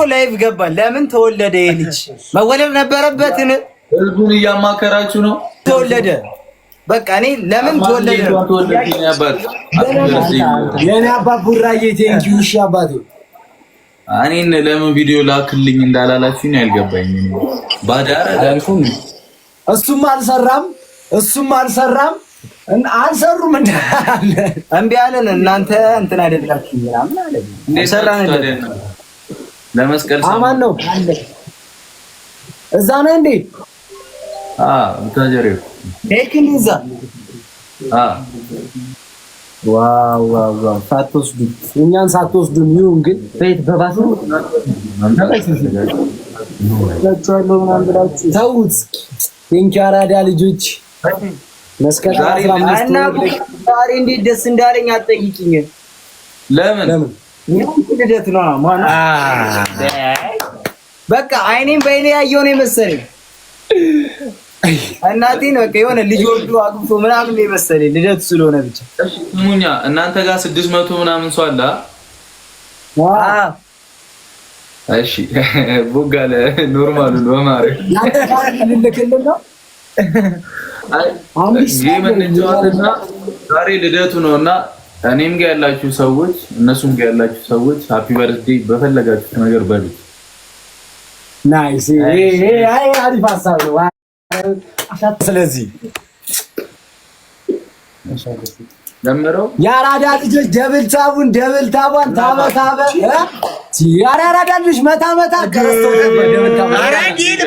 እኮ ላይቭ ገባል። ለምን ተወለደ? ይሄ ልጅ መወለድ ነበረበትን? ህዝቡን እያማከራችሁ ነው። ተወለደ በቃ እኔ ለምን ተወለደ? የኔ አባት ቡራዬ ቴንኪው። እሺ አባቴ እኔን ለምን ቪዲዮ ላክልኝ እንዳላላችሁኝ አልገባኝ። ባዳረ ዳልኩም እሱም አልሰራም እሱም አልሰራም አልሰሩም እንዳለ እምቢ አለን። እናንተ እንትን አይደላችሁ ምናምን አለ እንዴ ሰራን ለመስቀል አማን ነው አለ። እዛ ነው እንዴ? አዎ ታጀሪው ቴክኒ እዛ አ ዋው ዋው ዋው! ሳትወስዱን እኛን ሳትወስዱን፣ ይሁን ግን ቤት በባሱ ታጫለው ምናምን ብላችሁ ተውት። የአራዳ ልጆች መስቀል ዛሬ እንዴት ደስ እንዳለኝ አትጠይቂኝ። ለምን ልደት ነው። በቃ አይኔም በአይኔ ያየው ነው የመሰለኝ። እናቴን በቃ የሆነ ልጅ ወልዶ አግብቶ ምናምን ነው የመሰለኝ። ልደቱ ስለሆነ ብቻ ሙኛ እናንተ ጋር ስድስት መቶ ምናምን ሰው አለ። እሺ ቦጋለ ኖርማሉ ነው ጌም ዛሬ ልደቱ ነው እና እኔም ጋር ያላችሁ ሰዎች እነሱም ጋር ያላችሁ ሰዎች ሃፒ በርዝዴ በፈለጋችሁት ነገር በሉ። ናይስ፣ አሪፍ ሀሳብ ነው። ስለዚህ ደምረው የአራዳ ልጆች ደብል ታቡን ደብል ታቧን ታበታበ ኧረ አራዳ ልጆች መታ መታ ከረስተው ነበር ደብል ታቧን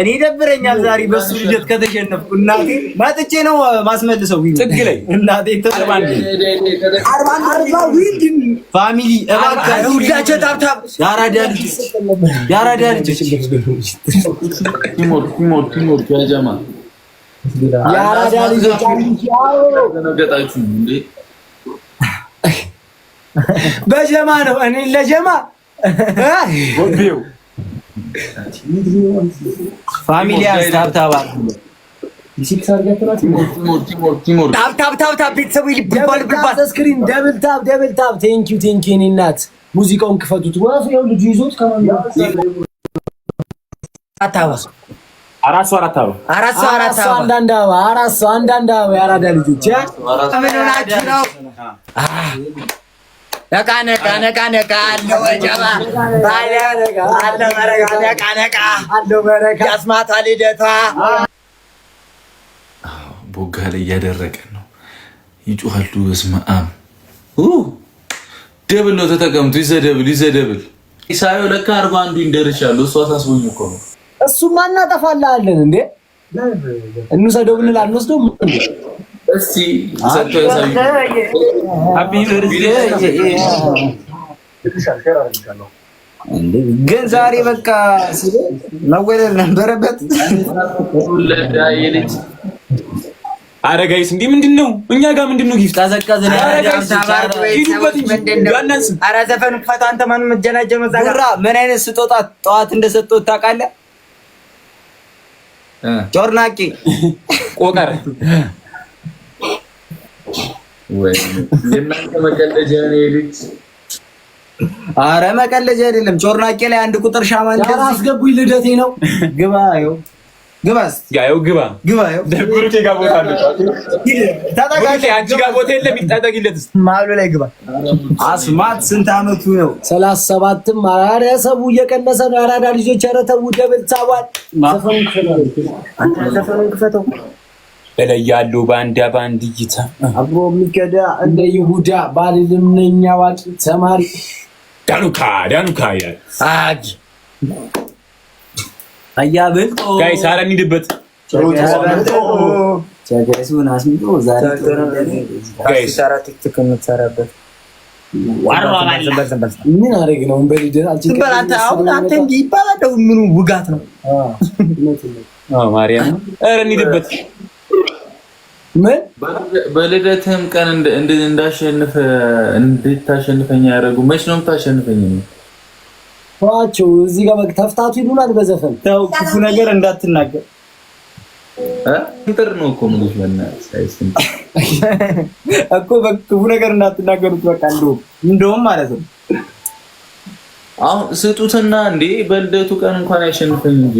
እኔ ደብረኛል ዛሬ በሱ ልጀት ከተሸነፍኩ እናቴ መጥቼ ነው ማስመልሰው። ዊል ጥግ ላይ እናቴ ፋሚሊ ሁላቸው ታብታብ ያራዳ ልጅ የአራዳ ልጅ የአራዳ ልጅ በጀማ ነው እኔ ለጀማ ፋሚሊ እናት ሙዚቃውን ክፈቱት። ወፍሬው ልጁ ይዞት አራት ሰው አራት አበባ አራት ሰው አንዳንድ አበባ አራት ሰው አንዳንድ አበባ የአራዳ ነቃ ነቃ ነቃ ነቃ አለው ጀባ አለ መረጋ ነቃ ነቃ አለው መረጋ ያስማታ ልደቷ ቦጋ ላይ እያደረቀን ነው። ይጮሃሉ። በስመ አብ ደብል ነው ተጠቀምቱ። ይዘደብል ይዘደብል ኢሳዮ ለካ አርባ አንዱ ይንደርሻለሁ። እሱ አሳስቦኝ እኮ ነው። እሱማ እናጠፋላለን እንዴ እንውሰደው ብንል አንወስደው እስቲ ሰጥቶ ያሳዩ። ሃፒ በርዝዴ ግን ዛሬ በቃ መወለድ ነበረበት። አረጋይስ እንዲህ ምንድን ነው? እኛ ጋር ምንድን ነው? ጊፍት አዘቀዘ ነው። ዘፈን ፈታ። አንተ ማን መጀናጀ መዛጋ። ምን አይነት ስጦታ ጠዋት እንደሰጠው ታውቃለህ? ጆርናቂ ቆቀር የእናንተ መቀለጃ ነው የልጅ አረ መቀለጃ አይደለም። ጮርናቄ ላይ አንድ ቁጥር ሻማን እንደዚህ አስገቡኝ። ልደቴ ነው። ግባ ይኸው ግባ ያው ግባ ግባ ይኸው ደብሩት የጋ ቦታ አለ ታጣቃሽ አንቺ ጋር ቦታ የለም። ይጣጣቂለት ማሉ ላይ ግባ አስማት ስንት አመቱ ነው? ሰላሳ ሰባትም አረ ሰቡ እየቀነሰ ነው። አራዳ ልጆች ኧረ ተው ደብል ሳቧል። ዘፈኑን ክፈተው በላይ ያሉ በአንዳ በአንድ እይታ አብሮ የሚገዳ እንደ ይሁዳ ባል ዝምነኛ አዋቂ ተማሪ ዳኑካ ዳኑካ ያል አጅ አያብል ጋይ ሳራ እንሂድበት ምን አደረግ ነው? ይባላል። ምኑ ውጋት ነው? ማርያም ኧረ እንሂድበት ምን በልደትህም ቀን እንዳሸንፍ እንድታሸንፈኝ ያደረጉ መች ነው የምታሸንፈኝ? ነው ዋቸው እዚህ ጋር ተፍታቱ ይሉናል በዘፈን ያው ክፉ ነገር እንዳትናገር እንጥር ነው እኮ ምሉት እኮ ክፉ ነገር እንዳትናገሩት። በቃ እንደውም እንደውም ማለት ነው አሁን ስጡትና እንዴ በልደቱ ቀን እንኳን ያሸንፈኝ እንጂ